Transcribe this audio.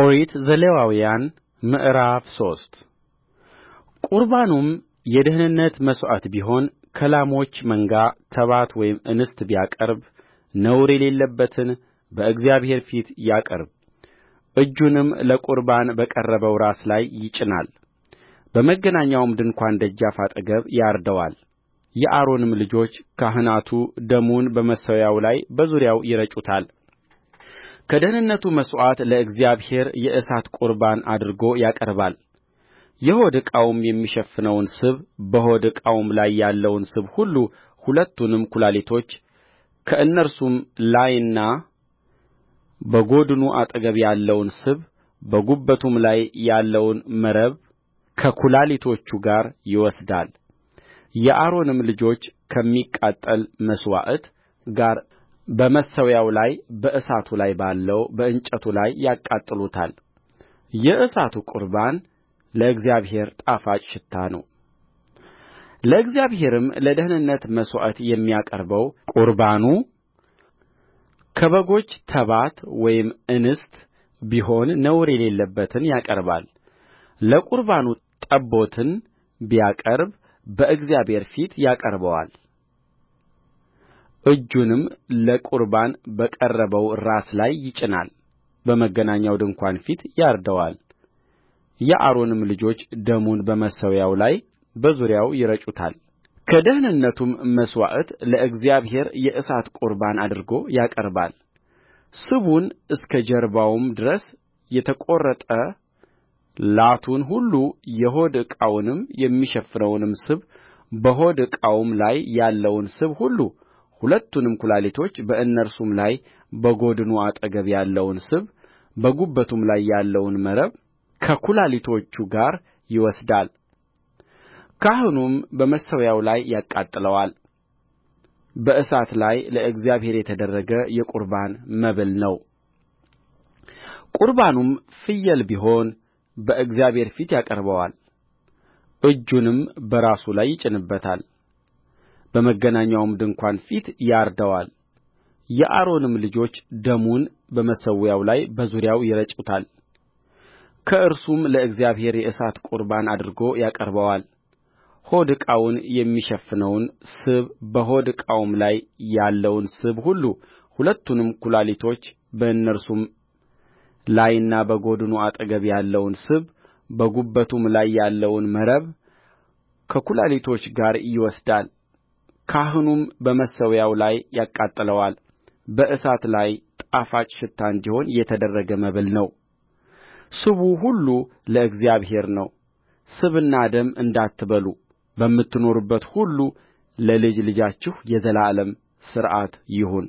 ኦሪት ዘሌዋውያን ምዕራፍ ሶስት ቁርባኑም የደኅንነት መሥዋዕት ቢሆን ከላሞች መንጋ ተባት ወይም እንስት ቢያቀርብ ነውር የሌለበትን በእግዚአብሔር ፊት ያቅርብ እጁንም ለቁርባን በቀረበው ራስ ላይ ይጭናል በመገናኛውም ድንኳን ደጃፍ አጠገብ ያርደዋል የአሮንም ልጆች ካህናቱ ደሙን በመሠዊያው ላይ በዙሪያው ይረጩታል ከደኅንነቱ መሥዋዕት ለእግዚአብሔር የእሳት ቍርባን አድርጎ ያቀርባል የሆድ ዕቃውም የሚሸፍነውን ስብ በሆድ ዕቃውም ላይ ያለውን ስብ ሁሉ ሁለቱንም ኵላሊቶች ከእነርሱም ላይና በጎድኑ አጠገብ ያለውን ስብ በጉበቱም ላይ ያለውን መረብ ከኵላሊቶቹ ጋር ይወስዳል የአሮንም ልጆች ከሚቃጠል መሥዋዕት ጋር በመሠዊያው ላይ በእሳቱ ላይ ባለው በእንጨቱ ላይ ያቃጥሉታል። የእሳቱ ቍርባን ለእግዚአብሔር ጣፋጭ ሽታ ነው። ለእግዚአብሔርም ለደኅንነት መሥዋዕት የሚያቀርበው ቍርባኑ ከበጎች ተባት ወይም እንስት ቢሆን ነውር የሌለበትን ያቀርባል። ለቁርባኑ ጠቦትን ቢያቀርብ በእግዚአብሔር ፊት ያቀርበዋል እጁንም ለቍርባን በቀረበው ራስ ላይ ይጭናል በመገናኛው ድንኳን ፊት ያርደዋል የአሮንም ልጆች ደሙን በመሠዊያው ላይ በዙሪያው ይረጩታልከደኅንነቱም መሥዋዕት ለእግዚአብሔር የእሳት ቍርባን አድርጎ ያቀርባል ስቡን እስከ ጀርባውም ድረስ የተቈረጠ ላቱን ሁሉ የሆድ ዕቃውንም የሚሸፍነውን ስብ በሆድ ዕቃውም ላይ ያለውን ስብ ሁሉ ሁለቱንም ኵላሊቶች በእነርሱም ላይ በጎድኑ አጠገብ ያለውን ስብ በጉበቱም ላይ ያለውን መረብ ከኵላሊቶቹ ጋር ይወስዳል ካህኑም በመሠዊያው ላይ ያቃጥለዋል በእሳት ላይ ለእግዚአብሔር የተደረገ የቁርባን መብል ነው። ቁርባኑም ፍየል ቢሆን በእግዚአብሔር ፊት ያቀርበዋል፣ እጁንም በራሱ ላይ ይጭንበታል፣ በመገናኛውም ድንኳን ፊት ያርደዋል የአሮንም ልጆች ደሙን በመሠዊያው ላይ በዙሪያው ይረጩታል። ከእርሱም ለእግዚአብሔር የእሳት ቍርባን አድርጎ ያቀርበዋል ሆድ ዕቃውን የሚሸፍነውን ስብ በሆድ ዕቃውም ላይ ያለውን ስብ ሁሉ ሁለቱንም ኵላሊቶች በእነርሱም ላይና በጎድኑ አጠገብ ያለውን ስብ በጉበቱም ላይ ያለውን መረብ ከኩላሊቶች ጋር ይወስዳል ካህኑም በመሠዊያው ላይ ያቃጥለዋል በእሳት ላይ ጣፋጭ ሽታ እንዲሆን የተደረገ መብል ነው ስቡ ሁሉ ለእግዚአብሔር ነው። ስብና ደም እንዳትበሉ በምትኖሩበት ሁሉ ለልጅ ልጃችሁ የዘላለም ሥርዓት ይሁን